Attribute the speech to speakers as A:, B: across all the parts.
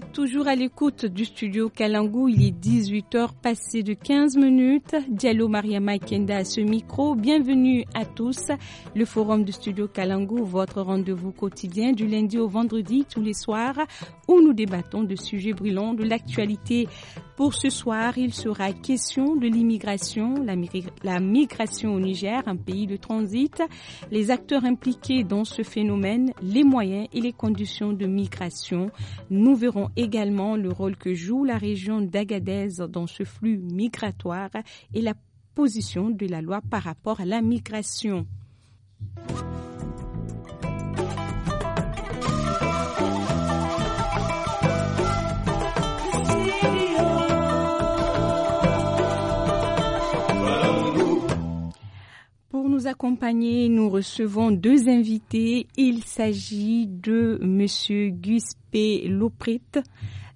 A: toujours à l'écoute du studio Kalangou. Il est 18h passé de 15 minutes. Diallo Maria Maikenda à ce micro. Bienvenue à tous. Le forum du studio Kalangou, votre rendez-vous quotidien du lundi au vendredi tous les soirs où nous débattons de sujets brûlants de l'actualité pour ce soir, il sera question de l'immigration, la, migration au Niger, un pays de transit, les acteurs impliqués dans ce phénomène, les moyens et les conditions de migration. Nous verrons également le rôle que joue la région d'Agadez dans ce flux migratoire et la position de la loi par rapport à la migration. nous nous recevons deux invités. Il s'agit de Monsieur Guspe Loprit,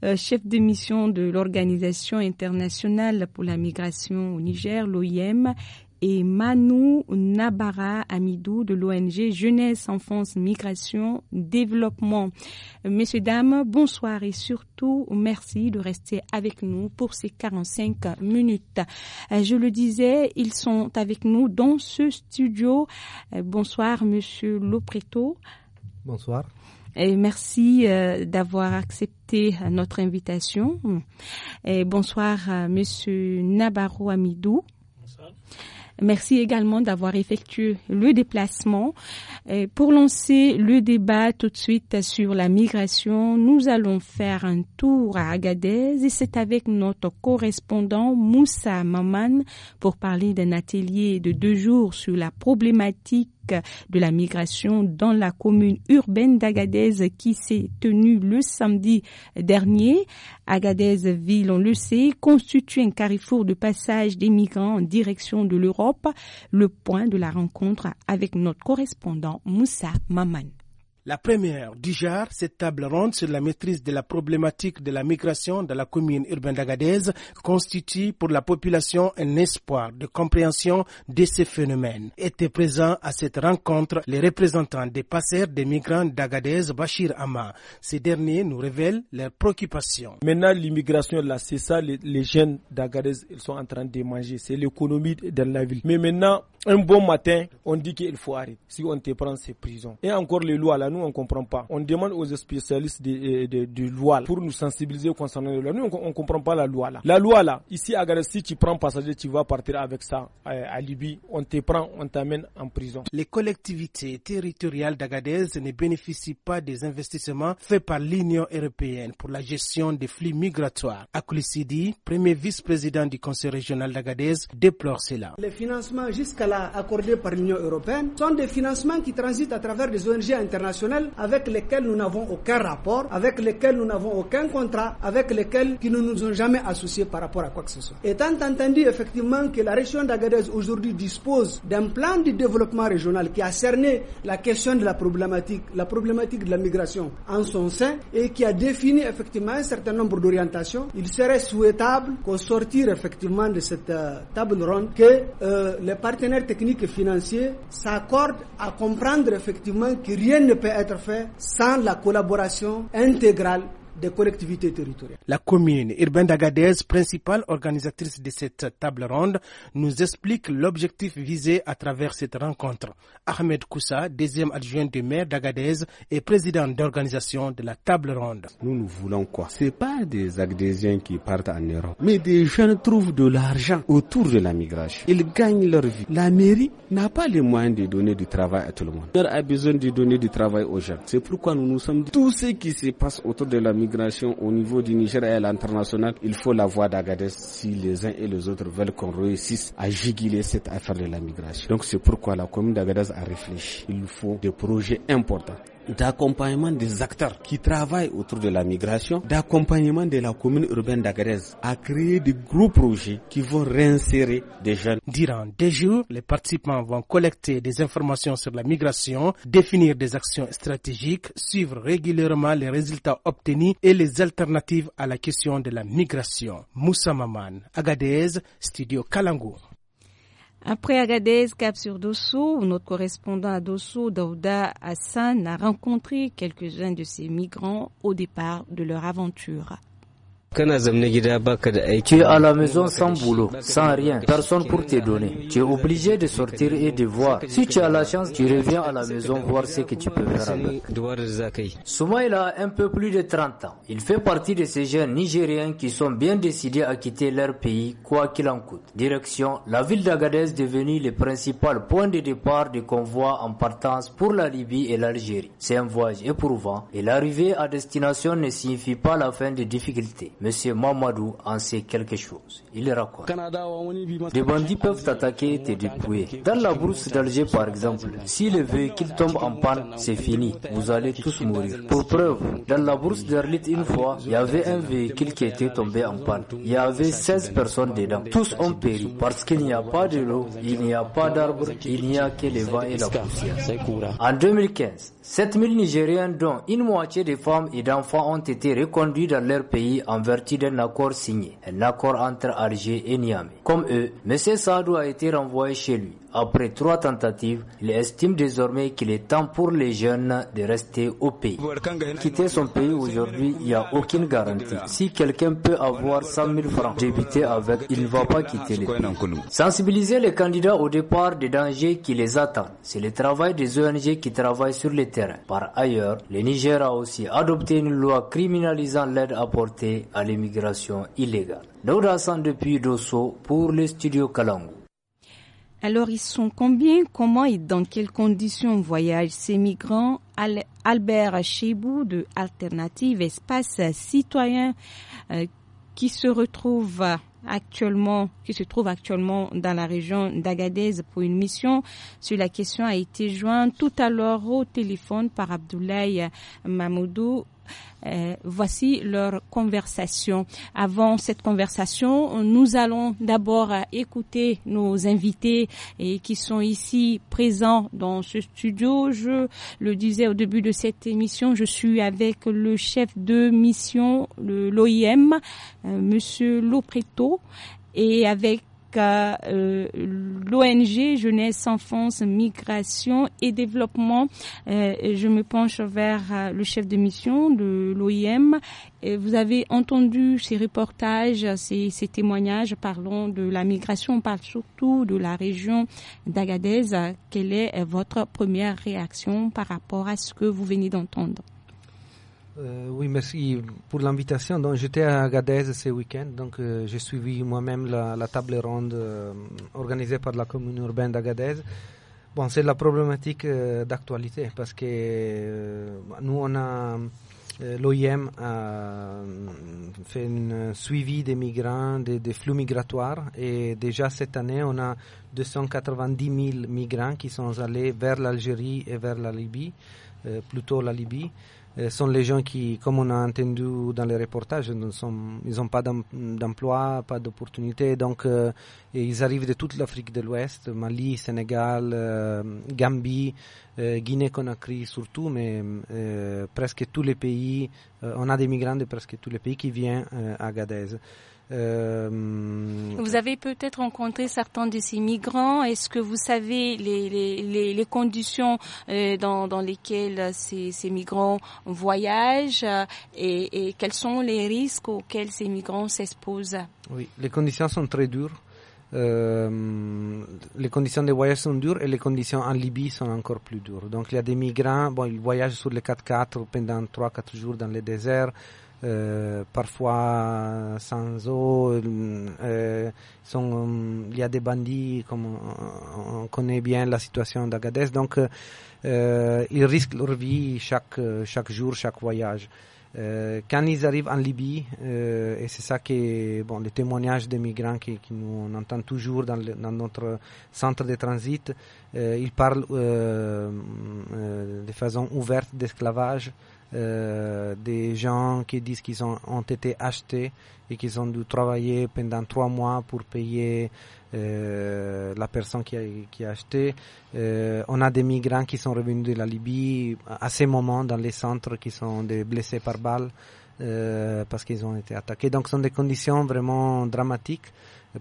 A: euh, chef de mission de l'Organisation internationale pour la migration au Niger, l'OIM, et Manu Nabara Amidou de l'ONG Jeunesse, Enfance, Migration, Développement. Messieurs, dames, bonsoir et surtout merci de rester avec nous pour ces 45 minutes. Je le disais, ils sont avec nous dans ce studio. Bonsoir, monsieur Lopreto. Bonsoir. Et merci euh, d'avoir accepté notre invitation. bonsoir, euh, Monsieur Nabarro Amidou. Bonsoir. Merci également d'avoir effectué le déplacement. Euh, pour lancer le débat tout de suite sur la migration, nous allons faire un tour à Agadez et c'est avec notre correspondant Moussa Maman pour parler d'un atelier de deux jours sur la problématique de la migration dans la commune urbaine d'Agadez qui s'est tenue le samedi dernier. Agadez ville, on le sait, constitue un carrefour de passage des migrants en direction de l'Europe, le point de la rencontre avec notre correspondant Moussa Maman.
B: La première, du cette table ronde sur la maîtrise de la problématique de la migration dans la commune urbaine d'Agadez constitue pour la population un espoir de compréhension de ces phénomènes. Étaient présents à cette rencontre les représentants des passeurs des migrants d'Agadez, Bachir Ama. Ces derniers nous révèlent leurs préoccupations. Maintenant, l'immigration, là, c'est ça, les, jeunes d'Agadez, ils sont en train de manger. C'est l'économie dans la ville. Mais maintenant, un bon matin, on dit qu'il faut arrêter. Si on te prend, c'est prison. Et encore les lois, là, nous, on ne comprend pas. On demande aux spécialistes de, euh, loi pour nous sensibiliser concernant la loi. Nous, on ne comprend pas la loi là. La loi là, ici à Agadez, si tu prends passager, tu vas partir avec ça à, Libye. On te prend, on t'amène en prison. Les collectivités territoriales d'Agadez ne bénéficient pas des investissements faits par l'Union européenne pour la gestion des flux migratoires. Di, premier vice-président du Conseil régional d'Agadez, déplore cela. Les financements jusqu'à là accordés par l'Union européenne sont des financements qui transitent à travers des ONG internationales avec lesquels nous n'avons aucun rapport, avec lesquels nous n'avons aucun contrat, avec lesquels qui ne nous ont jamais associés par rapport à quoi que ce soit. Étant entendu effectivement que la région d'Agadez aujourd'hui dispose d'un plan de développement régional qui a cerné la question de la problématique, la problématique de la migration en son sein et qui a défini effectivement un certain nombre d'orientations, il serait souhaitable qu'on sortir effectivement de cette euh, table ronde, que euh, les partenaires techniques et financiers s'accordent à comprendre effectivement que rien ne peut être fait sans la collaboration intégrale des collectivités territoriales. La commune urbaine d'Agadez, principale organisatrice de cette table ronde, nous explique l'objectif visé à travers cette rencontre. Ahmed Koussa, deuxième adjoint du maire d'Agadez et président d'organisation de la table ronde. Nous, nous voulons quoi C'est pas des Agadésiens qui partent en Europe, mais des jeunes trouvent de l'argent autour de la migration. Ils gagnent leur vie.
C: La mairie n'a pas les moyens de donner du travail à tout le monde.
B: Elle a besoin de donner du travail aux jeunes. C'est pourquoi nous nous sommes dit tout ce qui se passe autour de la migration au niveau du Niger et à l'international, il faut la voie d'Agadez si les uns et les autres veulent qu'on réussisse à juguler cette affaire
C: de la migration. Donc c'est pourquoi la commune d'Agadez a réfléchi. Il faut des projets importants
B: d'accompagnement des acteurs qui travaillent autour de la migration, d'accompagnement de la commune urbaine d'Agadez à créer des gros projets qui vont réinsérer des jeunes. Durant des jours, les participants vont collecter des informations sur la migration, définir des actions stratégiques, suivre régulièrement les résultats obtenus et les alternatives à la question de la migration. Moussa Maman, Agadez, Studio Kalango.
A: Après Agadez, cap sur Dosso, notre correspondant à Dosso, Daouda Hassan, a rencontré quelques-uns de ces migrants au départ de leur aventure.
B: Tu
D: es à la maison sans boulot, sans rien, personne pour te donner. Tu es obligé de sortir et de voir. Si tu as la chance, tu reviens à la maison voir ce que tu peux faire avec. Soumaïl a un peu plus de 30 ans. Il fait partie de ces jeunes Nigériens qui sont bien décidés à quitter leur pays, quoi qu'il en coûte. Direction, la ville d'Agadez devenue le principal point de départ des convois en partance pour la Libye et l'Algérie. C'est un voyage éprouvant et l'arrivée à destination ne signifie pas la fin des difficultés. Monsieur Mamadou en sait quelque chose. Il raconte. Des bandits peuvent attaquer et te dépouiller. Dans la brousse d'Alger, par exemple, si le véhicule tombe en panne, c'est fini. Vous allez tous mourir. Pour preuve, dans la brousse d'Arlit, une fois, il y avait un véhicule qui était tombé en panne. Il y avait 16 personnes dedans. Tous ont péri parce qu'il n'y a pas de l'eau, il n'y a pas d'arbres, il n'y a que les vents et la poussière. En 2015, 7000 Nigériens, dont une moitié des femmes et d'enfants, ont été reconduits dans leur pays en vertu d'un accord signé, un accord entre Alger et Niamey. Comme eux, M. Sadou a été renvoyé chez lui. Après trois tentatives, il estime désormais qu'il est temps pour les jeunes de rester au pays. Quitter son pays aujourd'hui, il n'y a aucune garantie. Si quelqu'un peut avoir 100 000 francs débuter avec, il ne va pas quitter le pays. Sensibiliser les candidats au départ des dangers qui les attendent, c'est le travail des ONG qui travaillent sur le terrain. Par ailleurs, le Niger a aussi adopté une loi criminalisant l'aide apportée à l'immigration illégale. depuis Dosso pour le studio Kalangu.
A: Alors, ils sont combien, comment et dans quelles conditions voyagent ces migrants Albert Chebou de Alternative Espace Citoyen euh, qui se retrouve actuellement, qui se trouve actuellement dans la région d'Agadez pour une mission sur la question a été joint tout à l'heure au téléphone par Abdoulaye Mamoudou euh, voici leur conversation. Avant cette conversation, nous allons d'abord écouter nos invités et qui sont ici présents dans ce studio. Je le disais au début de cette émission, je suis avec le chef de mission, l'OIM, euh, Monsieur Lopreto, et avec euh, l'ONG Jeunesse, Enfance, Migration et Développement. Euh, je me penche vers euh, le chef de mission de l'OIM. Vous avez entendu ces reportages, ces, ces, témoignages parlant de la migration, on parle surtout de la région d'Agadez. Quelle est votre première réaction par rapport à ce que vous venez d'entendre?
E: Euh, oui, merci pour l'invitation. Donc, j'étais à Agadez ce week-end, donc euh, j'ai suivi moi-même la, table ronde euh, organisée par la commune urbaine d'Agadez. Bon, c'est la problématique d'actualité parce que nous, on a l'OIM a fait un suivi des migrants, des, des, flux migratoires, et déjà cette année, on a 290 000 migrants qui sont allés vers l'Algérie et vers la Libye, plutôt la Libye. Eh, sont les gens qui, comme on a entendu dans les reportages, ils n'ont pas d'emploi, pas d'opportunités. Donc, euh, ils arrivent de toute l'Afrique de l'Ouest, Mali, Sénégal, euh, Gambie, euh, Guinée-Conakry surtout, mais presque tous les pays, on a des migrants de presque tous les pays qui viennent à Gadez. Euh, vous
A: avez peut-être rencontré certains de ces migrants. Est-ce que vous savez les, conditions euh, dans, lesquelles ces, migrants voyagent euh, et, quels sont les risques auxquels ces migrants s'exposent
E: Oui, les conditions sont très dures. les conditions de voyage sont dures et les conditions en Libye sont encore plus dures. Donc il y a des migrants, bon, ils voyagent sur les 4x4 pendant 3-4 jours dans le désert. Euh, parfois sans eau. Euh, euh, euh, il y a des bandits, comme on, connaît bien la situation d'Agadez, donc ils risquent leur vie chaque, chaque jour, chaque voyage. Euh, quand ils arrivent en Libye, euh, et c'est ça que bon, les témoignages des migrants qui, qui nous on entend toujours dans, dans, notre centre de transit, euh, ils parlent de façon ouverte d'esclavage, euh, des gens qui disent qu'ils ont, été achetés et qu'ils ont dû travailler pendant trois mois pour payer euh, la personne qui a, qui a acheté. Euh, on a des migrants qui sont revenus de la Libye à ces moments dans les centres qui sont des blessés par balles euh, parce qu'ils ont été attaqués. Donc ce sont des conditions vraiment dramatiques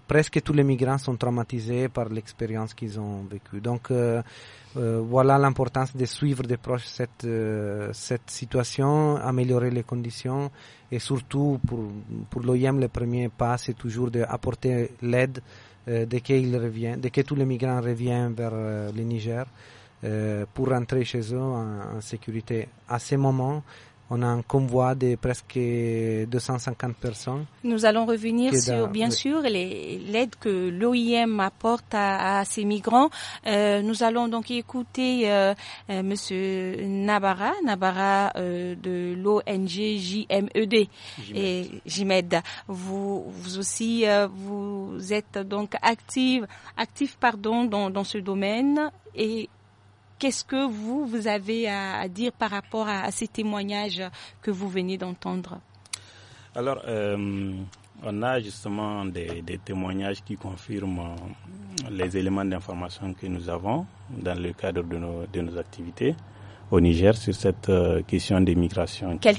E: presque tous les migrants sont traumatisés par l'expérience qu'ils ont vécue. Donc euh, euh, voilà l'importance de suivre de proche cette, euh, cette situation, améliorer les conditions et surtout pour, pour l'OIM, le premier pas, c'est toujours d'apporter l'aide dès que tous les migrants reviennent vers le Niger pour rentrer chez eux en, en sécurité. À ce moment, on a un convoi de presque 250 personnes. Nous
A: allons revenir sur, bien sûr, l'aide que l'OIM apporte à, ces migrants. Euh, nous allons donc écouter euh, euh, Monsieur Nabara, Nabara de l'ONG JMED e et JMED. Vous, aussi, vous êtes donc active, actif pardon, dans, dans ce domaine et Qu'est-ce que vous, vous avez à, dire par rapport à, ces témoignages que vous venez d'entendre
F: Alors, euh, on a justement des, témoignages qui confirment euh, les éléments d'information que nous avons dans le cadre de nos, activités au Niger sur cette euh, question des migrations. quel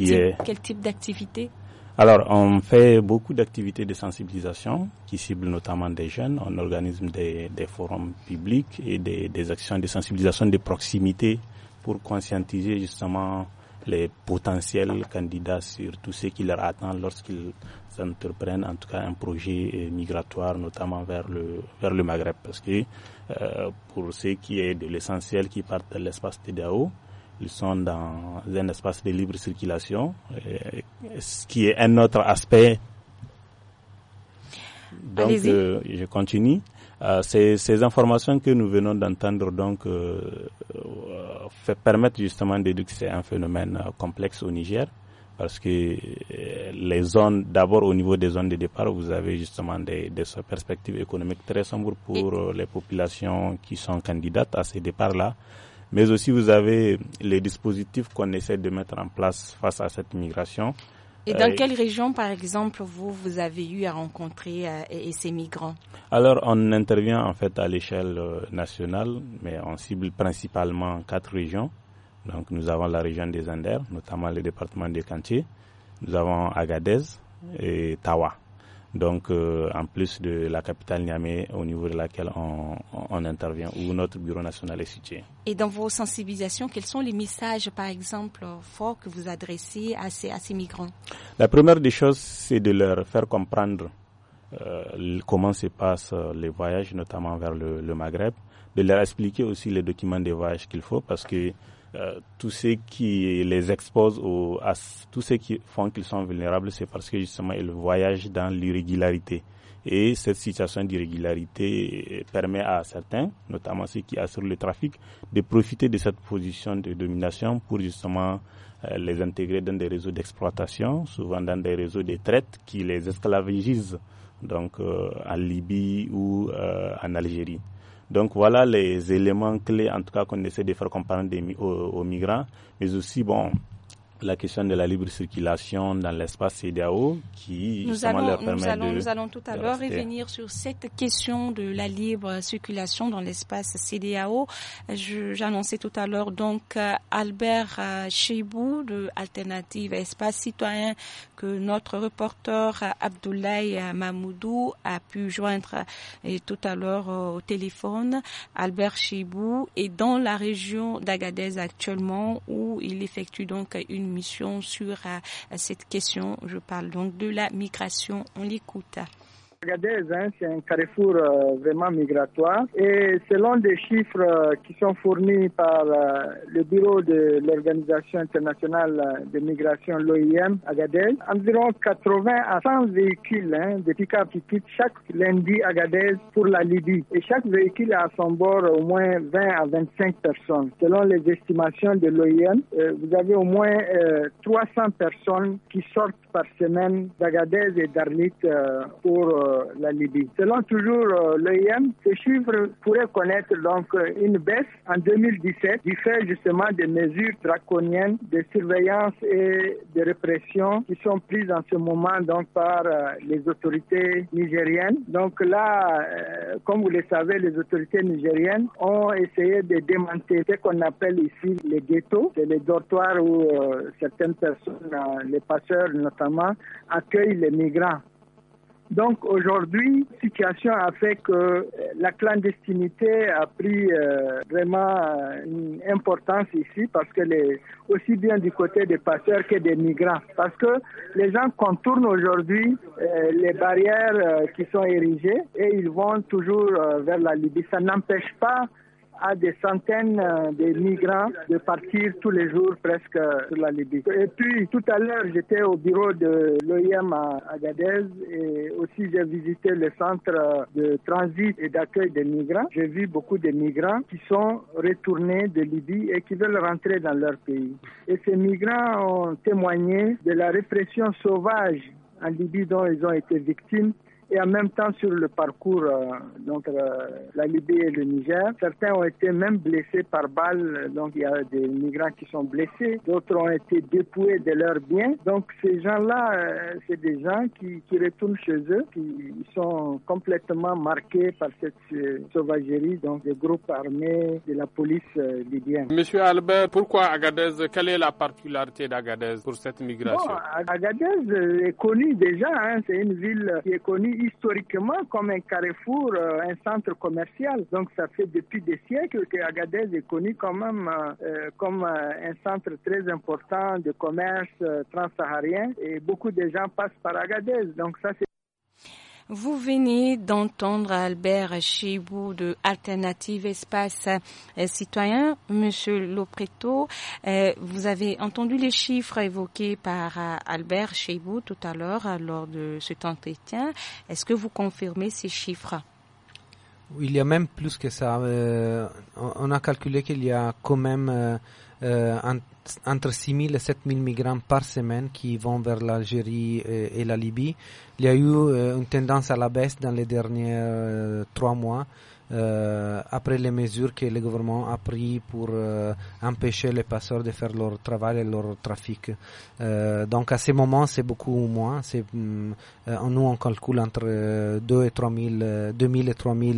A: type d'activité
F: alors, on fait beaucoup d'activités de sensibilisation qui ciblent notamment des jeunes. On organise des, forums publics et des, actions de sensibilisation de proximité pour conscientiser justement les potentiels candidats sur tout ce qui leur attend lorsqu'ils entreprennent en tout cas un projet euh, migratoire notamment vers le vers le Maghreb parce que euh, pour ceux qui est de l'essentiel qui part de l'espace TDAO ils sont dans un espace de libre circulation, euh, ce qui est un autre aspect.
E: Donc, euh,
F: je continue. Euh, ces, informations que nous venons d'entendre donc fait, permettent justement de dire que c'est un phénomène complexe au Niger parce que les zones, d'abord au niveau des zones de départ, vous avez justement des, des perspectives économiques très sombres pour les populations qui sont candidates à ces départs-là mais aussi vous avez les dispositifs qu'on essaie de mettre en place face à cette migration. Et dans euh, quelle
A: région, par exemple, vous, vous avez eu à rencontrer euh, ces migrants
F: Alors, on intervient en fait à l'échelle euh, nationale, mais on cible principalement quatre régions. Donc, nous avons la région des Anders, notamment le département des Cantiers. Nous avons Agadez et Tawa donc euh, en plus de la capitale Niamey au niveau de laquelle on, on, intervient, où notre bureau national est situé.
A: Et dans vos sensibilisations, quels sont les messages, par exemple, euh, forts que vous adressez à ces, à ces migrants
F: La première des choses, c'est de leur faire comprendre euh, comment se passent les voyages, notamment vers le, le, Maghreb, de leur expliquer aussi les documents des voyages qu'il faut, parce que euh, tous ceux qui les exposent au, à tous ceux qui font qu'ils sont vulnérables, c'est parce que justement ils voyagent dans l'irrégularité. Et cette situation d'irrégularité permet à certains, notamment ceux qui assurent le trafic, de profiter de cette position de domination pour justement euh, les intégrer dans des réseaux d'exploitation, souvent dans des réseaux de traite qui les esclavagisent, donc euh, en Libye ou en Algérie. Donc voilà les éléments clés, en tout cas, qu'on essaie de faire comprendre des, aux, migrants, mais aussi, bon, la question de la libre circulation dans l'espace CDAO qui nous allons, nous allons, tout à l'heure revenir
A: sur cette question de la libre circulation dans l'espace CDAO. J'annonçais tout à l'heure donc euh, Albert euh, Cheibou de Alternative Espace Citoyen que notre reporter euh, Abdoulaye Mamoudou a pu joindre tout à l'heure au téléphone. Albert Cheibou est dans la région d'Agadez actuellement où il effectue donc une mission sur euh, cette question. Je parle donc de la migration. On l'écoute.
G: Agadez, c'est hein, un carrefour euh, vraiment migratoire. Et selon des chiffres euh, qui sont fournis par euh, le bureau de l'Organisation internationale de migration, l'OIM, Agadez, environ 80 à 100 véhicules hein, de pick qui quittent chaque lundi Agadez pour la Libye. Et chaque véhicule a à son bord au moins 20 à 25 personnes. Selon les estimations de l'OIM, vous avez au moins 300 personnes qui sortent par semaine d'Agadez et d'Arlit pour euh, la Selon toujours euh, l'OIM, ces chiffres pourraient connaître donc euh, une baisse en 2017 du fait justement des mesures draconiennes de surveillance et de répression qui sont prises en ce moment donc par les autorités nigériennes. Donc là, comme vous le savez, les autorités nigériennes ont essayé de démanteler ce qu'on appelle ici les ghettos, c'est les dortoirs où certaines personnes, les passeurs notamment, accueillent les migrants. Donc aujourd'hui, situation a fait que euh, la clandestinité a pris euh, vraiment euh, une importance ici parce que les, aussi bien du côté des passeurs que des migrants. Parce que les gens contournent aujourd'hui les barrières qui sont érigées et ils vont toujours vers la Libye. Ça n'empêche pas à des centaines euh, de migrants de partir tous les jours presque sur la Libye. Et puis tout à l'heure, j'étais au bureau de l'OIM à Agadez et aussi j'ai visité le centre euh, de transit et d'accueil des migrants. J'ai vu beaucoup de migrants qui sont retournés de Libye et qui veulent rentrer dans leur pays. Et ces migrants ont témoigné de la répression sauvage en Libye dont ils ont été victimes et en même temps sur le parcours euh, donc euh, la Libye et le Niger. Certains ont été même blessés par balles, donc il y a des migrants qui sont blessés, d'autres ont été dépouillés de leurs biens. Donc ces gens-là, euh, c'est des gens qui, qui, retournent chez eux, qui sont complètement marqués par cette sauvagerie donc des groupes armés de la police libyenne. Monsieur Albert, pourquoi Agadez Quelle est la particularité
B: d'Agadez pour cette migration
G: Agadez est connue déjà, hein. c'est une ville qui est connue historiquement comme un carrefour, euh, un centre commercial. Donc ça fait depuis des siècles que Agadez est connu quand même comme euh, euh, un centre très important de commerce transsaharien et beaucoup de gens passent par Agadez. Donc ça c'est
A: vous venez d'entendre Albert Chibou de Alternative Espace euh, Citoyen. Monsieur Lopreto, euh, vous avez entendu les chiffres évoqués par euh, Albert Chibou tout à l'heure lors de cet entretien. Est-ce que vous confirmez ces chiffres
E: il y a même plus que ça. on a calculé qu'il y a quand même un, entre 6 000 et 7 000 migrants par semaine qui vont vers l'Algérie euh, et, la Libye. Il y a eu euh, une tendance à la baisse dans les derniers euh, trois mois. Euh, après les mesures que le gouvernement a prises pour empêcher les passeurs de faire leur travail et leur trafic. Euh, donc à ce moment, c'est beaucoup moins. C'est, hum, nous, on calcule entre 2 et 3 000, 2 000 et 3 000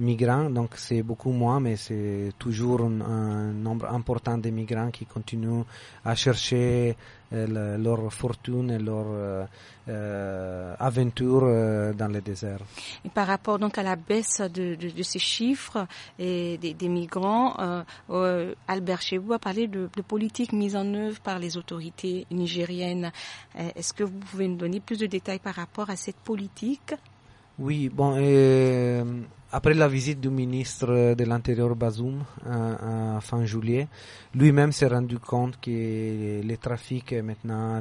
E: migrants, donc c'est beaucoup moins, mais c'est toujours un, nombre important de migrants qui continuent à chercher euh, leur fortune et leur euh, euh, aventure dans le désert.
A: Et par rapport donc à la baisse de, ces chiffres et des, migrants, Albert Chebou a parlé de, politique politiques mises en œuvre par les autorités nigériennes. Est-ce que vous pouvez nous donner plus de détails par rapport à cette
E: politique oui, bon, euh, après la visite du ministre de l'Intérieur Bazoum à, fin juillet, lui-même s'est rendu compte que les trafics maintenant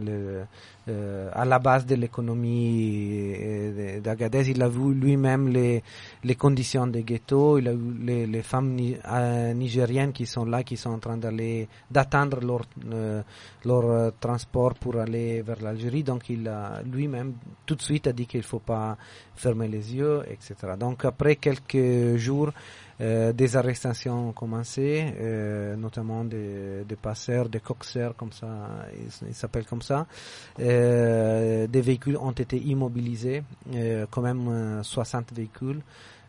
E: euh, à la base de l'économie euh, d'Agadez. Il a vu lui-même les, conditions des ghettos, il a vu les, femmes euh, nigériennes qui sont là, qui sont en train d'aller d'attendre leur, transport pour aller vers l'Algérie. Donc il a lui-même tout de suite a dit qu'il ne faut pas fermer les yeux, etc. Donc après quelques jours, euh, des arrestations ont commencé, euh, notamment des, passeurs, des coxeurs, comme ça, ils s'appellent comme ça. Euh, des véhicules ont été immobilisés, quand même 60 véhicules.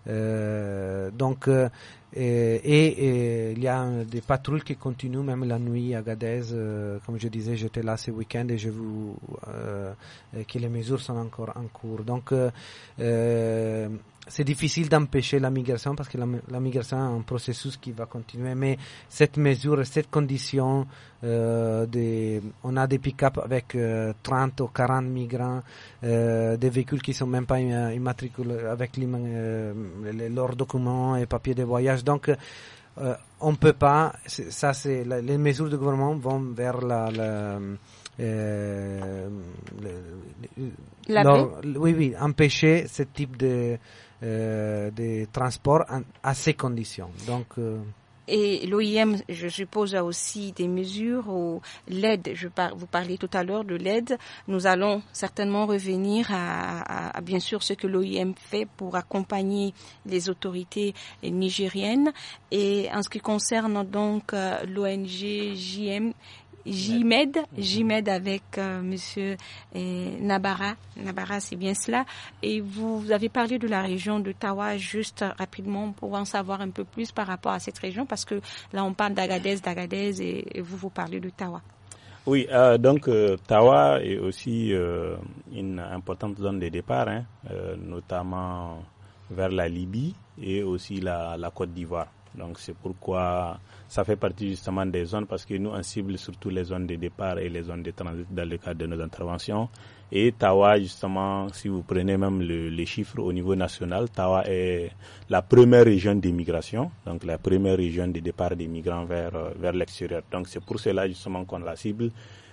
E: donc, et, il y a des patrouilles qui continuent même la nuit à Gadez. comme je disais, j'étais là ce week-end et je vous que les mesures sont encore en cours. Donc, c'est difficile d'empêcher la migration parce que la, la migration est un processus qui va continuer. Mais cette mesure, cette condition, euh, on a des pick-up avec 30 euh, ou 40 migrants, euh, des véhicules qui sont même pas immatriculés avec euh, leurs documents et papiers de voyage. Donc, on peut pas. Ça, c'est les mesures du gouvernement vont vers la, la euh, oui, oui, empêcher ce type de euh, des transports à ces conditions. Donc, euh,
A: et l'OIM, je suppose, a aussi des mesures ou l'aide. Je vous parliez tout à l'heure de l'aide. Nous allons certainement revenir à, bien sûr ce que l'OIM fait pour accompagner les autorités nigériennes. Et en ce qui concerne donc euh, l'ONG JM, Jimed e m'aide mhm. avec euh, Monsieur euh, Nabara. Nabara, c'est bien cela. Et vous, avez parlé de la région de Tawa juste rapidement pour en savoir un peu plus par rapport à cette région, parce que là, on parle d'Agadez, d'Agadez, et, vous, vous parlez de Tawa.
F: Oui, euh, donc Tawa est aussi une importante zone de départ, hein, notamment vers la Libye et aussi la, la Côte d'Ivoire. Donc c'est pourquoi ça fait partie justement des zones parce que nous, on cible surtout les zones de départ et les zones de transit dans le cadre de nos interventions. Et Tawa, justement, si vous prenez même le, les chiffres au niveau national, Tawa est la première région d'immigration, donc la première région de départ des migrants vers, euh, vers l'extérieur. Donc c'est pour cela justement qu'on la cible.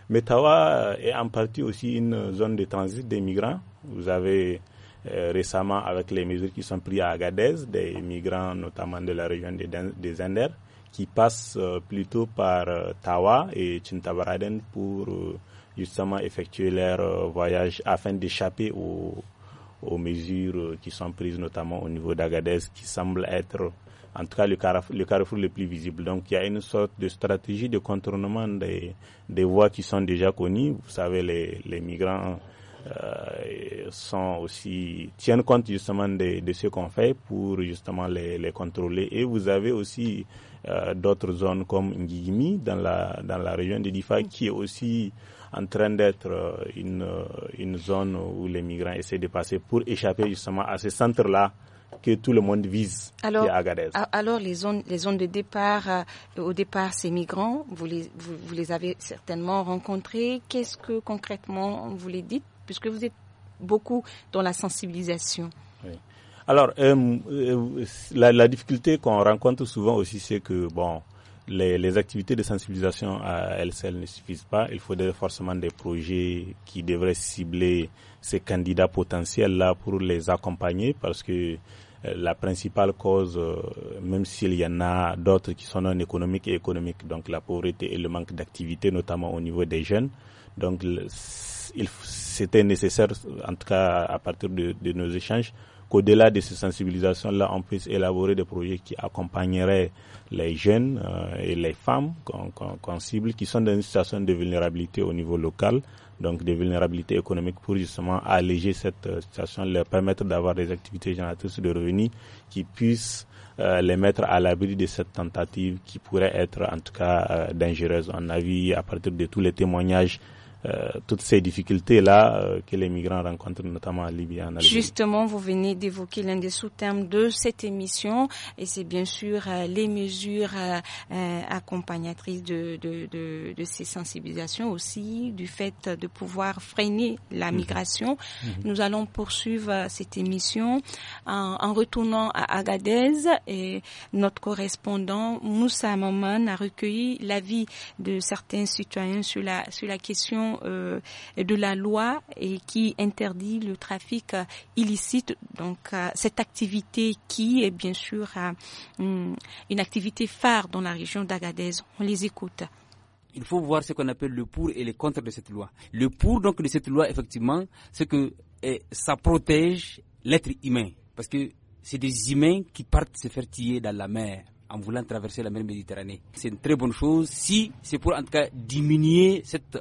F: Mais Tawa euh, est en partie aussi une zone de transit des migrants. Vous avez euh, récemment, avec les mesures qui sont prises à Agadez, des migrants notamment de la région des, des qui passe euh, plutôt par euh, Tawa et Tintabaraden pour euh, justement effectuer leur voyage afin d'échapper aux, aux, mesures qui sont prises notamment au niveau d'Agadez qui semble être en tout cas le carrefour, le carrefour, le plus visible. Donc il y a une sorte de stratégie de contournement des, des voies qui sont déjà connues. Vous savez, les, migrants sont aussi tiennent compte justement de, ce qu'on fait pour justement les, les, contrôler. Et vous avez aussi euh, d'autres zones comme Ngigimi dans la, dans la région de Difa mm. qui est aussi en train d'être euh, une, euh, une zone où les migrants essaient de passer pour échapper justement à ce centre-là que tout le monde vise, alors, qui est Agadez.
A: Alors, les zones, les zones de départ, au départ, ces migrants, vous les, vous, vous les avez certainement rencontrés. Qu'est-ce que concrètement vous les dites, puisque vous êtes beaucoup dans la sensibilisation
F: alors, euh, euh, la, difficulté qu'on rencontre souvent aussi, c'est que, bon, les, activités de sensibilisation à elles ne suffisent pas. Il faudrait forcément des projets qui devraient cibler ces candidats potentiels-là pour les accompagner parce que euh, la principale cause, même s'il y en a d'autres qui sont non économiques et économiques, donc la pauvreté et le manque d'activité, notamment au niveau des jeunes. Donc, c'était nécessaire, en tout cas à partir de nos échanges, qu'au-delà de ces sensibilisations-là, on puisse élaborer des projets qui accompagneraient les jeunes euh, et les femmes qu'on cible, qui sont dans une situation de vulnérabilité au niveau local, donc des vulnérabilités économiques pour justement alléger cette euh, situation, leur permettre d'avoir des activités génératrices de revenus qui puissent euh, les mettre à l'abri de cette tentative qui pourrait être en tout cas dangereuse. en a à partir de tous les témoignages euh, toutes ces difficultés-là euh, que les migrants rencontrent, notamment en Libye en
A: Justement, vous venez d'évoquer l'un des sous termes de cette émission, et c'est bien sûr euh, les mesures accompagnatrices de, de, de, de, ces sensibilisations aussi, du fait de pouvoir freiner la mhm. migration. Mhm. Nous allons poursuivre cette émission en, en retournant à Agadez et notre correspondant Moussa Maman a recueilli l'avis de certains citoyens sur la, sur la question euh, de la loi et qui interdit le trafic euh, illicite. Donc euh, cette activité qui est bien sûr mm, une activité phare dans la région d'Agadez. On les écoute.
H: Il faut voir ce qu'on appelle le pour et le contre de cette loi. Le pour donc de cette loi effectivement, c'est que eh, ça protège l'être humain parce que c'est des humains qui partent se faire tirer dans la mer en voulant traverser la mer Méditerranée. C'est une très bonne chose si c'est pour en tout cas diminuer cette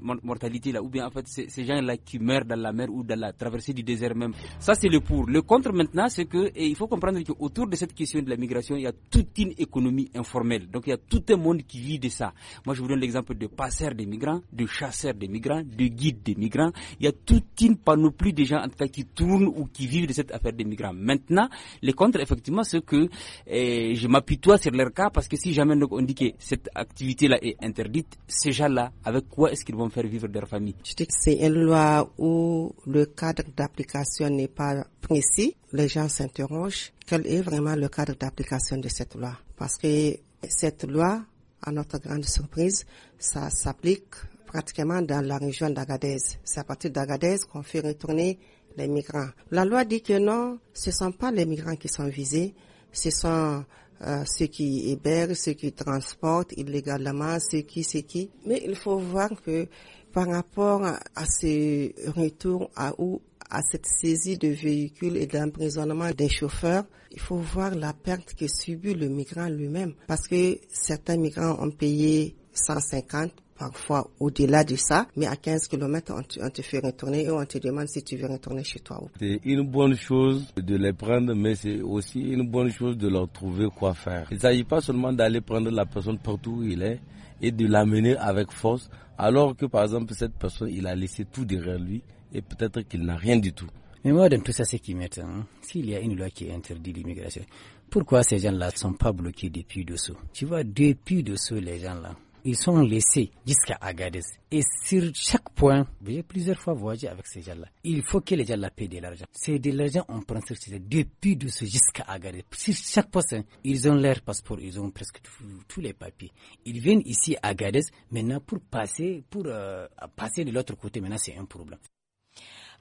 H: mortalité-là, ou bien en fait ces gens-là qui meurent dans la mer ou dans la traversée du désert même. Ça c'est le pour. Le contre maintenant, c'est que et il faut comprendre qu'autour de cette question de la migration, il y a toute une économie informelle. Donc il y a tout un monde qui vit de ça. Moi je vous donne l'exemple de passeurs des migrants, de chasseurs des migrants, de guides des migrants. Il y a toute une panoplie de gens en tout cas qui tournent ou qui vivent de cette affaire des migrants. Maintenant, le contre effectivement, c'est que eh, m'appuie-toi sur leur cas parce que si jamais on dit que cette activité-là est interdite, ces gens-là, avec quoi est-ce qu'ils vont faire vivre leur famille
I: C'est une loi où le cadre d'application n'est pas précis. Les gens s'interrogent quel est vraiment le cadre d'application de cette loi. Parce que cette loi, à notre grande surprise, ça s'applique pratiquement dans la région d'Agadez. C'est à partir d'Agadez qu'on fait retourner les migrants. La loi dit que non, ce ne sont pas les migrants qui sont visés, ce sont euh, ce ceux qui héberge, ceux qui transportent illégalement, ceux qui, ce qui. Mais il faut voir que par rapport à ce retour à ou, à cette saisie de véhicules et d'emprisonnement des chauffeurs, il faut voir la perte que subit le migrant lui-même. Parce que certains migrants ont payé 150, parfois au-delà de ça, mais à 15 km, on te, fait retourner et on te demande si tu veux retourner chez toi.
B: C'est une bonne chose de les prendre, mais c'est aussi une bonne chose de leur trouver quoi faire. Il ne s'agit pas seulement d'aller prendre la personne partout où il est et de l'amener avec force, alors que par exemple cette personne, il a laissé tout derrière lui et peut-être qu'il n'a rien du tout.
H: Mais moi, dans tout ça, c'est qui m'étonne. Hein. S'il y a une loi qui interdit l'immigration, pourquoi ces gens-là ne sont pas bloqués depuis dessous Tu vois, depuis dessous, les gens-là, ils sont laissés jusqu'à Agadez. Et sur chaque point, j'ai plusieurs fois voyagé avec ces gens-là. Il faut que les gens-là paient de l'argent. C'est de l'argent qu'on prend sur depuis de ce jusqu'à Agadez. Sur chaque point, hein, ils ont leur passeport, ils ont presque tous les papiers. Ils viennent ici à Agadez. Maintenant, pour passer, pour euh, passer de l'autre côté, maintenant c'est un problème.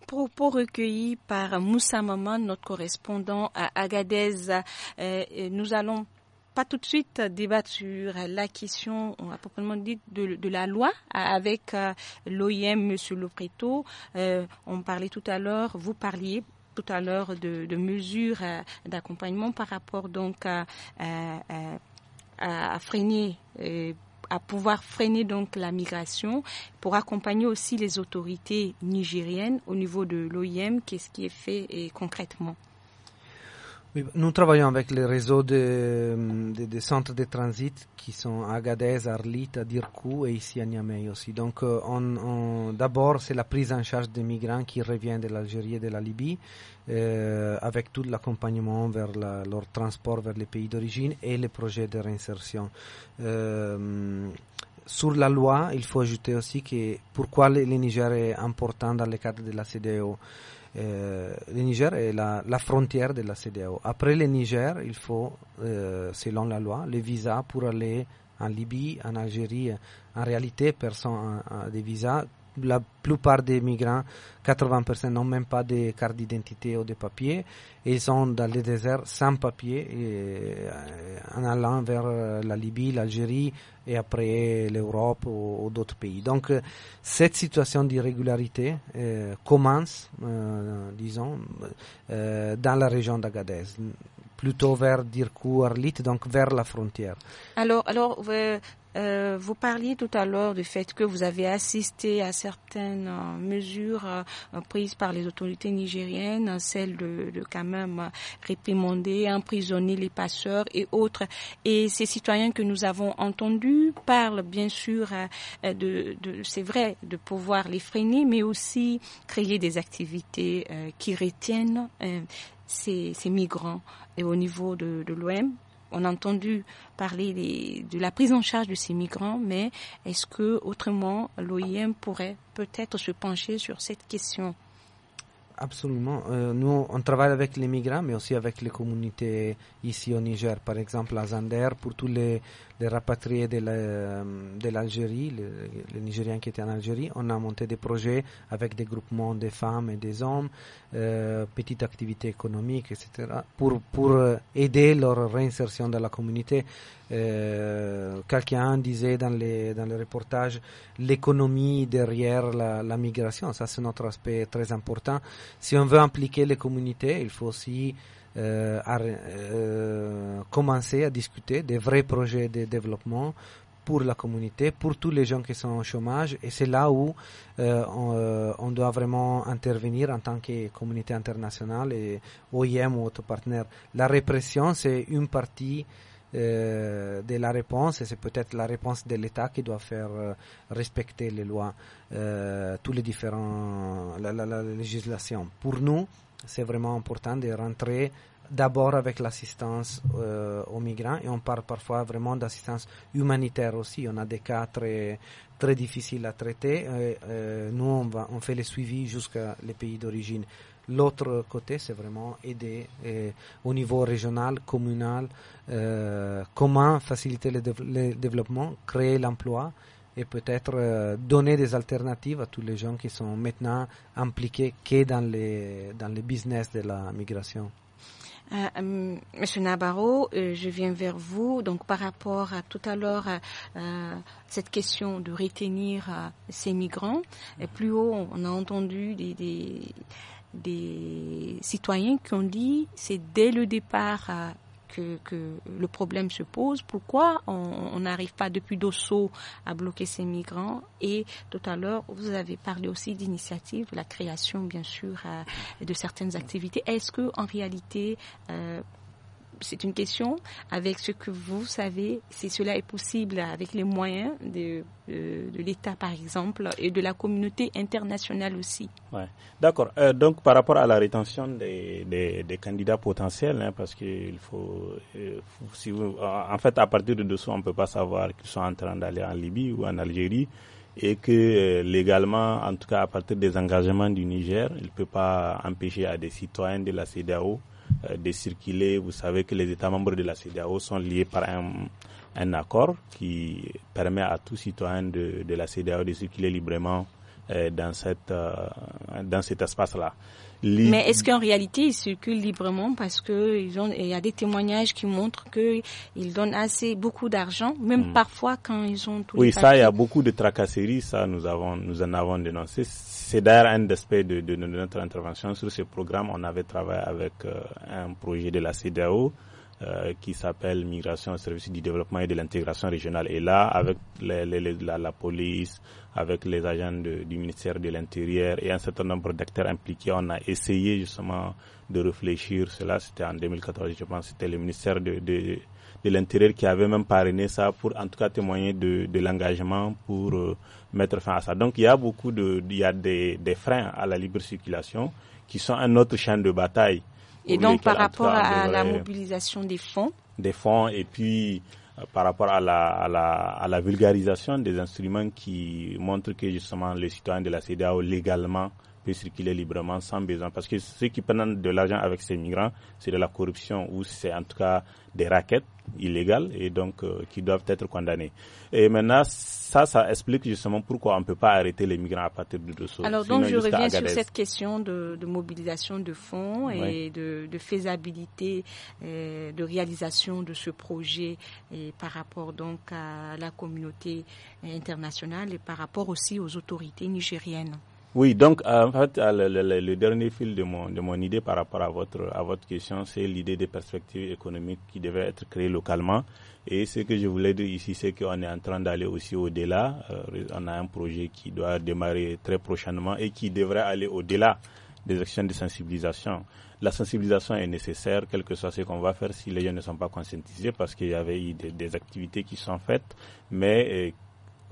A: Propos recueillis par Moussa Maman, notre correspondant à Agadez. Euh, euh, nous allons pas tout de suite débattre sur la question, à proprement dit, de, la loi avec euh, l'OIM, Monsieur Lopreto. Euh, on parlait tout à l'heure, vous parliez tout à l'heure de, mesures euh, d'accompagnement par rapport donc à, freiner. à pouvoir freiner donc la migration, pour accompagner aussi les autorités nigériennes au niveau de l'OIM, qu'est-ce qui est fait et concrètement
E: nous travaillons avec les réseaux de, centres de transit qui sont à Agadez, à Arlit, à Dirkou et ici à Niamey aussi. Donc, euh, on, d'abord, c'est la prise en charge des migrants qui reviennent de l'Algérie et de la Libye, euh, avec tout l'accompagnement vers leur transport vers les pays d'origine et les projets de réinsertion. Euh, sur la loi, il faut ajouter aussi que pourquoi le Niger est important dans le cadre de la CDO. E euh, le Niger est la, frontière de la CDAO. Après le Niger, il faut, euh, selon la loi, les visa pour aller en Libye, en Algérie. En réalité, personne n'a des visas la plupart des migrants, 80% n'ont même pas de carte d'identité ou de papier. Ils sont dans les déserts sans papier euh, en allant vers euh, la Libye, l'Algérie et après l'Europe ou, d'autres pays. Donc euh, cette situation d'irrégularité commence, disons, dans la région d'Agadez plutôt vers Dirkou, Arlit, donc vers la frontière.
A: Alors, alors euh, vous parliez tout à l'heure du fait que vous avez assisté à certaines euh, mesures euh, prises par les autorités nigériennes, celles de, de quand même réprimander, emprisonner les passeurs et autres. Et ces citoyens que nous avons entendus parlent bien sûr de, de c'est vrai, de pouvoir les freiner, mais aussi créer des activités qui retiennent ces, ces migrants. Et au niveau de, de l'OM, on a entendu parler de la prise en charge de ces migrants, mais est-ce que autrement l'OIM pourrait peut-être se pencher sur cette question
E: Absolument. Euh, nous, on travaille avec les migrants, mais aussi avec les communautés ici au Niger. Par exemple, à Zander, pour tous les, les rapatriés de euh, l'Algérie, les, Nigériens qui étaient en Algérie, on a monté des projets avec des groupements de femmes et des hommes, euh, petites activités économiques, etc., pour, pour euh, aider leur réinsertion dans la communauté. Euh, quelqu'un disait dans les, dans les reportages l'économie derrière la, migration. Ça, c'est notre aspect très important. Si on veut impliquer les communautés, il faut aussi eh, eh, commencer à discuter des vrais projets de développement pour la communauté, pour tous les gens qui sont au chômage. Et c'est là où eh, on, doit vraiment intervenir en tant que communauté internationale et OIM ou autres partenaires. La répression, c'est une partie euh, de la réponse, et c'est peut-être la réponse de l'État qui doit faire euh, respecter les lois, euh, tous les différents, la, législation. Pour nous, c'est vraiment important de rentrer d'abord avec l'assistance euh, aux migrants et on parle parfois vraiment d'assistance humanitaire aussi. On a des cas très, très difficiles à traiter. nous, on, va, on fait le suivi jusqu'à les pays d'origine. L'autre côté, c'est vraiment aider euh, au niveau régional, communal, euh, comment faciliter le, développement, créer l'emploi et peut-être euh, donner des alternatives à tous les gens qui sont maintenant impliqués que dans les, dans les business de la migration.
A: Euh, euh Monsieur Nabarro, je viens vers vous. Donc, par rapport à tout à l'heure, euh, cette question de retenir ces migrants, et plus haut, on a entendu des, des des citoyens qui ont dit c'est dès le départ euh, que, le problème se pose. Pourquoi on n'arrive pas depuis Dosso à bloquer ces migrants Et tout à l'heure, vous avez parlé aussi d'initiatives, la création bien sûr euh, de certaines activités. Est-ce que en réalité, euh, c'est une question avec ce que vous savez, si cela est possible avec les moyens de, euh, l'État, par exemple, et de la communauté internationale aussi.
F: D'accord. Euh, donc, par rapport à la rétention des, candidats potentiels, hein, parce qu'il faut, euh, si en fait, à partir de dessous, on ne peut pas savoir qu'ils sont en train d'aller en Libye ou en Algérie et que légalement, en tout cas à partir des engagements du Niger, il ne peut pas empêcher à des citoyens de la CDAO euh, de circuler. Vous savez que les États membres de la CDAO sont liés par un, un accord qui permet à tous citoyen de, de la CDAO de circuler librement euh, dans, cette, euh, dans cet espace-là. Mais est-ce
A: qu'en réalité, ils circulent librement parce que ils ont, il y a des témoignages qui montrent qu'ils donnent assez, beaucoup d'argent, même mm. parfois quand ils ont tout. Oui, ça, il y a
F: beaucoup de tracasseries, ça, nous avons, nous en avons dénoncé. C'est d'ailleurs un des aspects de, notre intervention sur ce programme. On avait travaillé avec euh, un projet de la CDAO euh, qui s'appelle Migration, service du Développement et de l'Intégration Régionale. Et là, avec la, police, avec les agents du ministère de l'Intérieur et un certain nombre d'acteurs impliqués, on a essayé justement de réfléchir. Cela, c'était en 2014, je pense, c'était le ministère de, l'Intérieur qui avait même parrainé ça pour en tout cas témoigner de, l'engagement pour euh, mettre fin à ça. Donc il y a beaucoup de, il y a des, des freins à la libre circulation qui sont un autre champ de bataille et donc par rapport à la
A: mobilisation des fonds
F: Des fonds et puis euh, par rapport à la, vulgarisation des instruments qui montrent que justement les citoyens de la CdaO légalement peut circuler librement sans besoin. Parce que ceux qui prennent de l'argent avec ces migrants, c'est de la corruption ou c'est en tout cas des raquettes illégales et donc euh, qui doivent être condamnées. Et maintenant, ça, ça explique justement pourquoi on ne peut pas arrêter les migrants à partir de Dosso. Alors donc je reviens sur cette
A: question de, de mobilisation de fonds et de, de, faisabilité euh, de réalisation de ce projet et par rapport donc à la communauté internationale et par rapport aussi aux autorités nigériennes.
F: Oui, donc en fait, euh, le, dernier fil de mon, de mon idée par rapport à votre, à votre question, c'est l'idée des perspectives économiques qui devaient être créées localement. Et ce que je voulais dire ici, c'est qu'on est en train d'aller aussi au-delà. Euh, on a un projet qui doit démarrer très prochainement et qui devrait aller au-delà des actions de sensibilisation. La sensibilisation est nécessaire, quel que soit ce qu'on va faire, si les gens ne sont pas conscientisés, parce qu'il y avait eu des, activités qui sont faites, mais euh,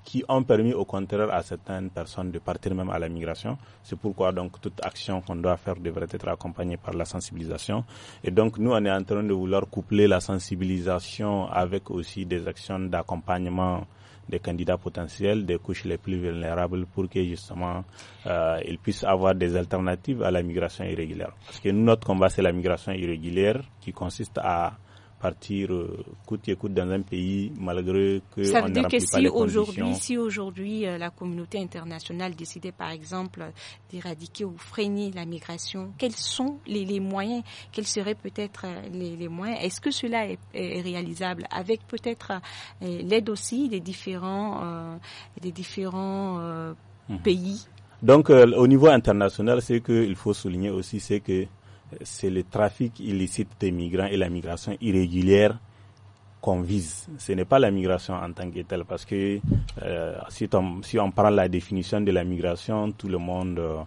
F: qui ont permis au contraire à certaines personnes de partir même à la migration. C'est pourquoi donc toute action qu'on doit faire devrait être accompagnée par la sensibilisation. Et donc nous, on est en train de vouloir coupler la sensibilisation avec aussi des actions d'accompagnement des candidats potentiels des couches les plus vulnérables pour que justement euh, ils puissent avoir des alternatives à la migration irrégulière. Parce que notre combat c'est la migration irrégulière qui consiste à partir euh, coûte que coûte dans un pays malgré que ça veut on dire que si aujourd'hui si
A: euh, aujourd'hui la communauté internationale décidait par exemple d'éradiquer ou freiner la migration quels sont les, moyens quels seraient peut-être euh, les, moyens est-ce que cela est, réalisable avec peut-être l'aide aussi des différents des différents mhm. pays
F: donc au niveau international ce qu'il faut souligner aussi c'est que c'est le trafic illicite des migrants et la migration irrégulière qu'on vise. Ce n'est pas la migration en tant que telle, parce que euh, si, on, si, on, prend la définition de la migration, tout le monde euh,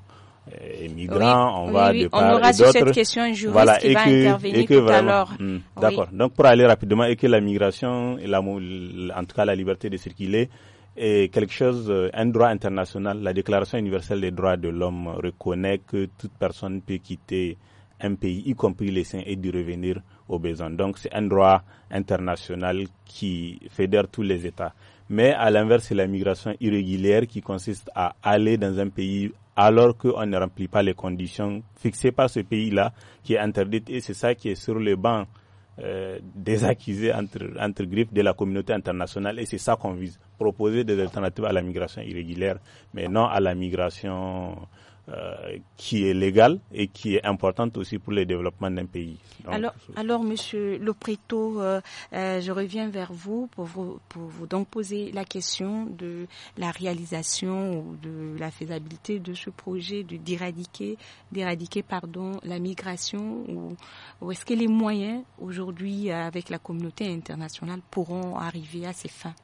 F: est migrant, on va de part On aura cette question voilà, et va que, et que tout à l'heure. Hmm, d'accord. Donc pour aller rapidement, et que la migration, et la, en tout cas la liberté de circuler, est quelque chose, euh, un droit international. La Déclaration universelle des droits de l'homme reconnaît que toute personne peut quitter un pays, y compris les saints et de revenir aux besoins. Donc c'est un droit international qui fédère tous les États. Mais à l'inverse, c'est la migration irrégulière qui consiste à aller dans un pays alors qu'on ne remplit pas les conditions fixées par ce pays-là qui est interdite. Et c'est ça qui est sur le banc euh, des accusés entre, entre griffes de la communauté internationale. Et c'est ça qu'on vise, proposer des alternatives à la migration irrégulière, mais non à la migration euh, qui est légale et qui est importante aussi pour le développement d'un pays. alors,
A: alors, Monsieur Lopreto, euh, euh, je reviens vers vous pour, vous pour vous donc poser la question de la réalisation ou de la faisabilité de ce projet de d'éradiquer, d'éradiquer pardon, la migration ou, ou est-ce que les moyens aujourd'hui avec la communauté internationale pourront arriver à ces fins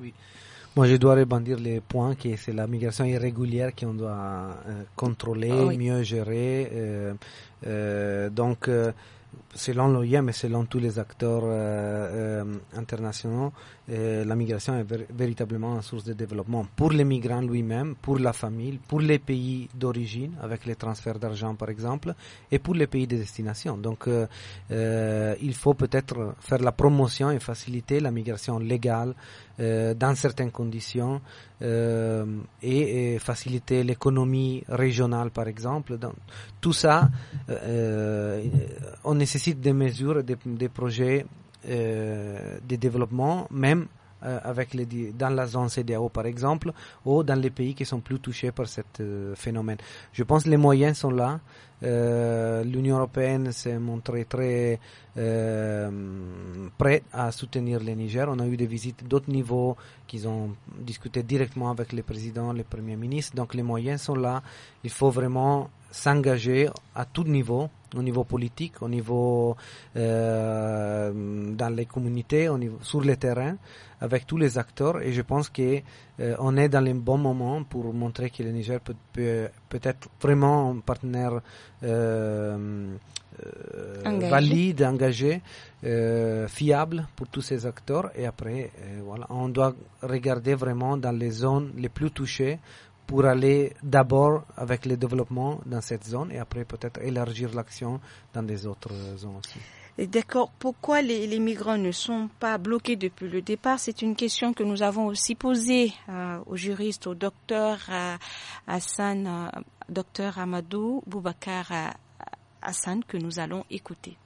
A: Oui.
E: Moi, je dois rebondir les points que c'est la migration irrégulière qu'on doit euh, contrôler, ah mieux gérer. Euh, euh, donc, selon l'OIM et selon tous les acteurs internationaux, la migration est véritablement une source de développement pour les migrants lui-même, pour la famille, pour les pays d'origine, avec les transferts d'argent par exemple, et pour les pays de destination. Donc, il faut peut-être faire la promotion et faciliter la migration légale euh, dans certaines conditions euh, et, faciliter l'économie régionale, par exemple. tout ça, euh, on nécessite des mesures, des, des projets de développement, même euh, avec les, dans la zone CDAO par exemple, ou dans les pays qui sont plus touchés par ce euh, phénomène. Je pense que les moyens sont là. Euh, L'Union européenne s'est montrée très prête à soutenir le Niger. On a eu des visites d'autres niveaux qu'ils ont discuté directement avec les présidents, les premiers ministres. Donc les moyens sont là. Il faut vraiment s'engager à tout niveau, au niveau politique, au niveau euh, dans les communautés, sur le terrain, avec tous les acteurs. Et je pense que euh, on est dans le bon moment pour montrer que le Niger peut, peut, être vraiment un partenaire euh, euh, valide, engagé, fiable pour tous ces acteurs. Et après, voilà, on doit regarder vraiment dans les zones les plus touchées pour aller d'abord avec le développement dans cette zone et après peut-être élargir l'action dans des autres zones aussi.
A: D'accord. Pourquoi les, migrants ne sont pas bloqués depuis le départ C'est une question que nous avons aussi posée euh, aux juristes, au docteur euh, Hassan, euh, docteur Amadou Boubacar Hassan, que nous allons écouter.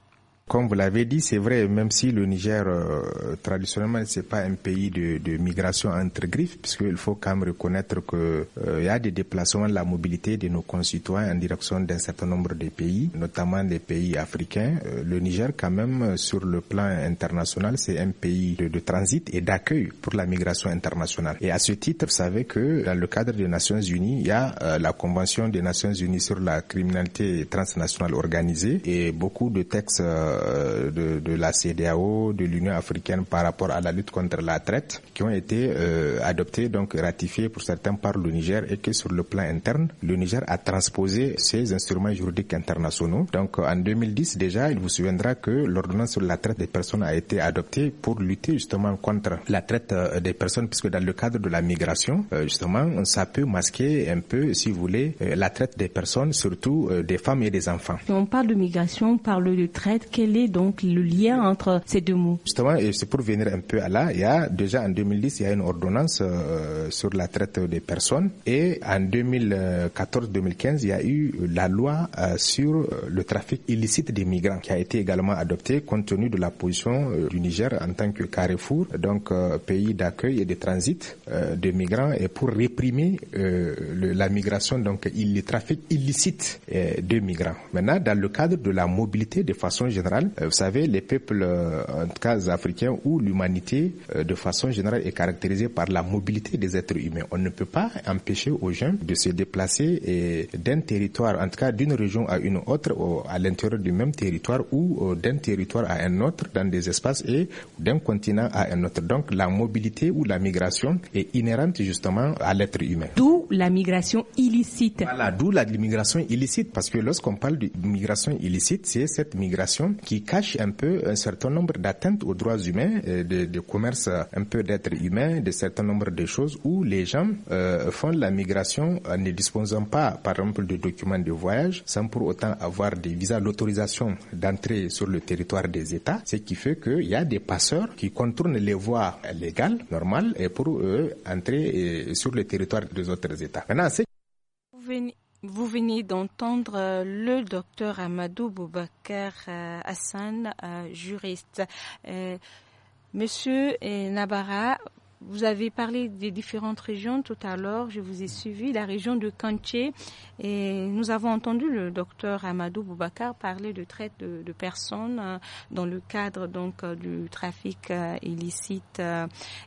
C: Comme vous l'avez dit, c'est vrai, même si le Niger, euh, traditionnellement, c'est pas un pays de, de migration entre griffes, puisqu'il faut quand même reconnaître qu'il euh, y a des déplacements, de la mobilité de nos concitoyens en direction d'un certain nombre de pays, notamment des pays africains. Euh, le Niger, quand même, euh, sur le plan international, c'est un pays de, de transit et d'accueil pour la migration internationale. Et à ce titre, vous savez que dans le cadre des Nations Unies, il y a euh, la Convention des Nations Unies sur la criminalité transnationale organisée et beaucoup de textes euh, de, de, la CDAO, de l'Union africaine par rapport à la lutte contre la traite, qui ont été euh, adoptés, donc ratifiées pour certains par le Niger et que sur le plan interne, le Niger a transposé ces instruments juridiques internationaux. Donc en 2010 déjà, il vous souviendra que l'ordonnance sur la traite des personnes a été adoptée pour lutter justement contre la traite euh, des personnes, puisque dans le cadre de la migration, euh, justement, ça peut masquer un peu, si vous voulez, la traite des personnes, surtout des femmes et des enfants.
A: on parle de migration, on parle de traite. quelle est donc le lien entre ces deux mots
C: Justement, et c'est pour venir un peu à là, il y a déjà en 2010, il y a une ordonnance euh, sur la traite des personnes et en 2014-2015, il y a eu la loi euh, sur euh, le trafic illicite des migrants qui a été également adoptée compte tenu de la position du Niger en tant que carrefour, donc pays d'accueil et de transit de migrants et pour réprimer la migration, donc il, le trafic illicite des migrants. Maintenant, dans le cadre de la mobilité de façon générale, euh, vous savez, les peuples, euh, en tout cas africains, ou l'humanité, euh, de façon générale, est caractérisée par la mobilité des êtres humains. On ne peut pas empêcher aux gens de se déplacer d'un territoire, en tout cas d'une région à une autre, à l'intérieur du même territoire ou d'un territoire à un autre, dans des espaces et d'un continent à un autre. Donc la mobilité ou la migration est inhérente justement à l'être humain.
A: D'où la migration
C: illicite. Voilà, d'où la migration illicite, parce que lorsqu'on parle de migration illicite, c'est cette migration qui cache un peu un certain nombre d'atteintes aux droits humains, euh, de, de, commerce un peu d'êtres humains, de certain nombre de choses où les gens euh, font la migration en ne disposant pas, par exemple, de documents de voyage, sans pour autant avoir des visas, l'autorisation d'entrer sur le territoire des États, ce qui fait qu'il y a des passeurs qui contournent les voies légales, normales, et pour entrer euh, sur le territoire des autres États. Maintenant, c'est
A: vous venez d'entendre euh, le docteur Amadou Boubacar euh, Hassan, euh, juriste. Monsieur Nabara, vous avez parlé des différentes régions tout à l'heure, je vous ai suivi, la région de Kanché, et nous avons entendu le docteur Amadou Boubacar parler de traite de, personnes euh, dans le cadre donc euh, du trafic euh, illicite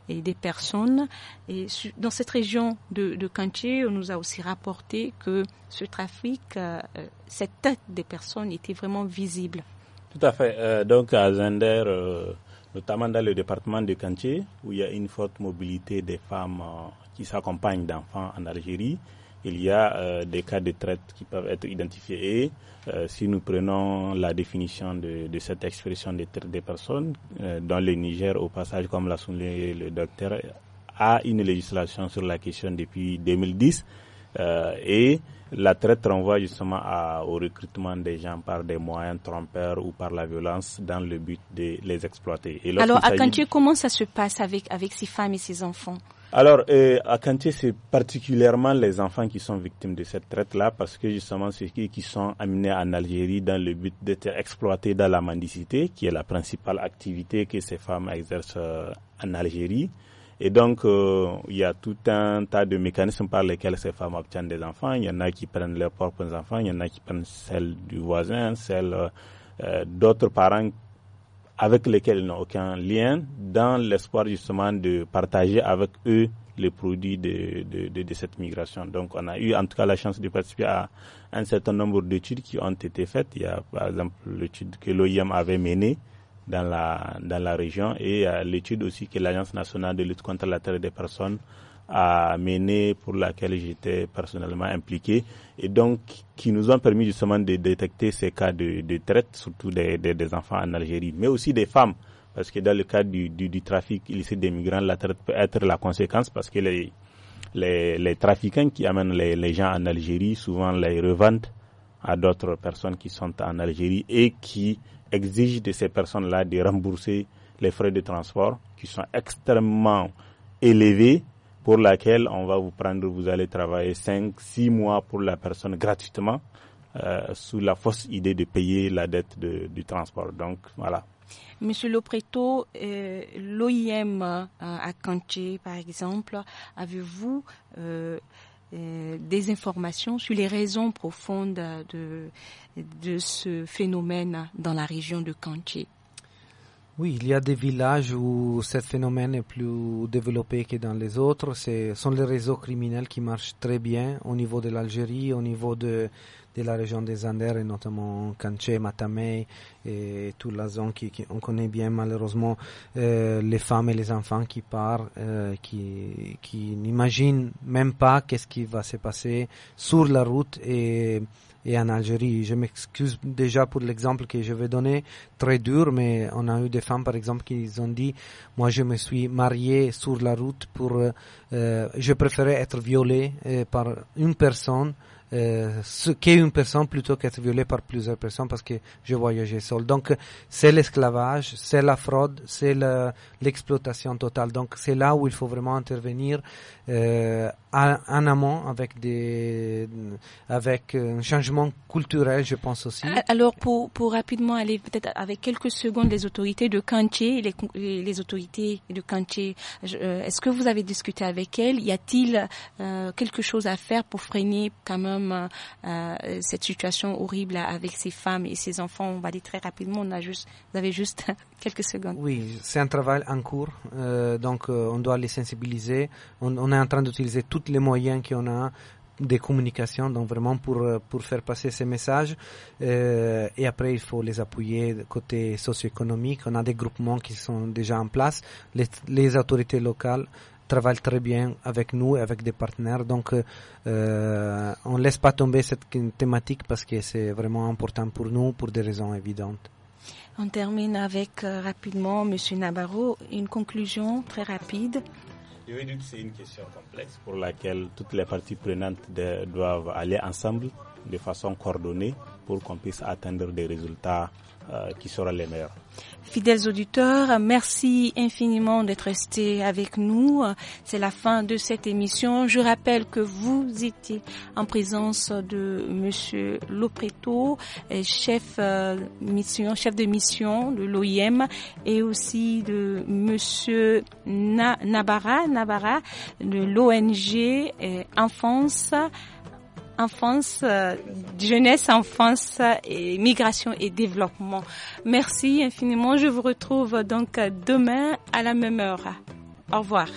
A: et des personnes. Et dans cette région de, de Kanché, on nous a aussi rapporté que ce trafic, cette tête des personnes était vraiment visible.
F: Tout à fait. donc à Zender, notamment dans le département de Kanché, où il y a une forte mobilité des femmes euh, qui s'accompagnent d'enfants en Algérie. Il y a euh, des cas de traite qui peuvent être identifiés. Et, euh, si nous prenons la définition de, cette expression des personnes, dans le Niger, au passage, comme l'a souligné le docteur, a une législation sur la question depuis 2010 et la traite renvoie justement à, au recrutement des gens par des moyens trompeurs ou par la violence dans le but de les exploiter. Alors, à Kantier,
A: comment ça se passe avec, avec ces femmes et ces enfants
F: alors, euh, à Kanté, c'est particulièrement les enfants qui sont victimes de cette traite-là, parce que justement, c'est qui, qui sont amenés en Algérie dans le but d'être exploités dans la mendicité, qui est la principale activité que ces femmes exercent euh, en Algérie. Et donc, euh, il y a tout un tas de mécanismes par lesquels ces femmes obtiennent des enfants. Il y en a qui prennent leurs propres enfants, il y en a qui prennent celles du voisin, celles euh, d'autres parents avec lesquels ils n'ont aucun lien, dans l'espoir justement de partager avec eux les produits de, de, de, cette migration. Donc on a eu en tout cas la chance de participer à un certain nombre d'études qui ont été faites. Il y a par exemple l'étude que l'OIM avait menée dans la, dans la région et euh, l'étude aussi que l'Agence nationale de lutte contre la traite des personnes a menée pour laquelle j'étais personnellement impliqué et donc qui nous ont permis justement de détecter ces cas de, de traite, surtout des, des, des, enfants en Algérie, mais aussi des femmes. Parce que dans le cas du, du, du trafic illicite des migrants, la traite peut être la conséquence parce que les, les, les, trafiquants qui amènent les, les, gens en Algérie souvent les revendent à d'autres personnes qui sont en Algérie et qui exigent de ces personnes-là de rembourser les frais de transport qui sont extrêmement élevés pour laquelle on va vous prendre, vous allez travailler 5, 6 mois pour la personne gratuitement euh, sous la fausse idée de payer la dette de, du transport. Donc voilà.
A: Monsieur Lopreto, euh, l'OIM euh, à Canché, par exemple, avez-vous euh, euh, des informations sur les raisons profondes de, ce phénomène dans la région de Kanché.
E: Oui, il y a des villages où ce phénomène est plus développé que dans les autres. Ce sont les réseaux criminels qui marchent très bien au niveau de l'Algérie, au niveau de, de la région des Anders, et notamment Kanché, Matamey et toute la zone qui, on connaît bien malheureusement euh, les femmes et les enfants qui partent, euh, qui, qui n'imaginent même pas qu'est-ce qui va se passer sur la route et et en Algérie. Je m'excuse déjà pour l'exemple que je vais donner, très dur, mais on a eu des femmes, par exemple, qui ont dit, moi je me suis mariée sur la route pour, euh, euh, je préférais être violée euh, par une personne euh, ce qu'est une personne plutôt qu'être violée par plusieurs personnes parce que je voyageais seul. Donc c'est l'esclavage, c'est la fraude, c'est l'exploitation totale. Donc c'est là où il faut vraiment intervenir euh, en, amont avec des avec un changement culturel, je pense aussi. Alors pour pour
A: rapidement aller peut-être avec quelques secondes les autorités de Kantier les, les autorités de Kanché, euh, est-ce que vous avez discuté avec elles Y a-t-il euh, quelque chose à faire pour freiner quand même euh, euh, cette situation horrible avec ces femmes et ces enfants. On va dire très rapidement, on a juste, vous avez juste quelques secondes.
E: Oui, c'est un travail en cours, euh, donc on doit les sensibiliser. On, est en train d'utiliser tous les moyens qu'on a des communications, donc vraiment pour, pour faire passer ces messages. et après, il faut les appuyer côté socio-économique. On a des groupements qui sont déjà en place. Les, les autorités locales travaille très bien avec nous, et avec des partenaires. Donc, euh, on ne laisse pas tomber cette thématique parce que c'est vraiment important pour nous pour des raisons évidentes.
A: On termine avec euh, rapidement, Monsieur Nabarro, une conclusion très rapide.
E: c'est une question complexe
F: pour laquelle toutes les parties prenantes doivent aller ensemble de façon coordonnée pour qu'on puisse atteindre des résultats euh, qui sera les meilleurs.
A: Fidèles auditeurs, merci infiniment d'être restés avec nous. C'est la fin de cette émission. Je rappelle que vous étiez en présence de Monsieur Lopreto, euh, chef euh, chef de mission de l'OIM et aussi de Monsieur Nabara, Nabara de l'ONG Enfance enfance, euh, jeunesse, enfance et migration et développement. Merci infiniment. Je vous retrouve donc demain à la même heure. Au revoir.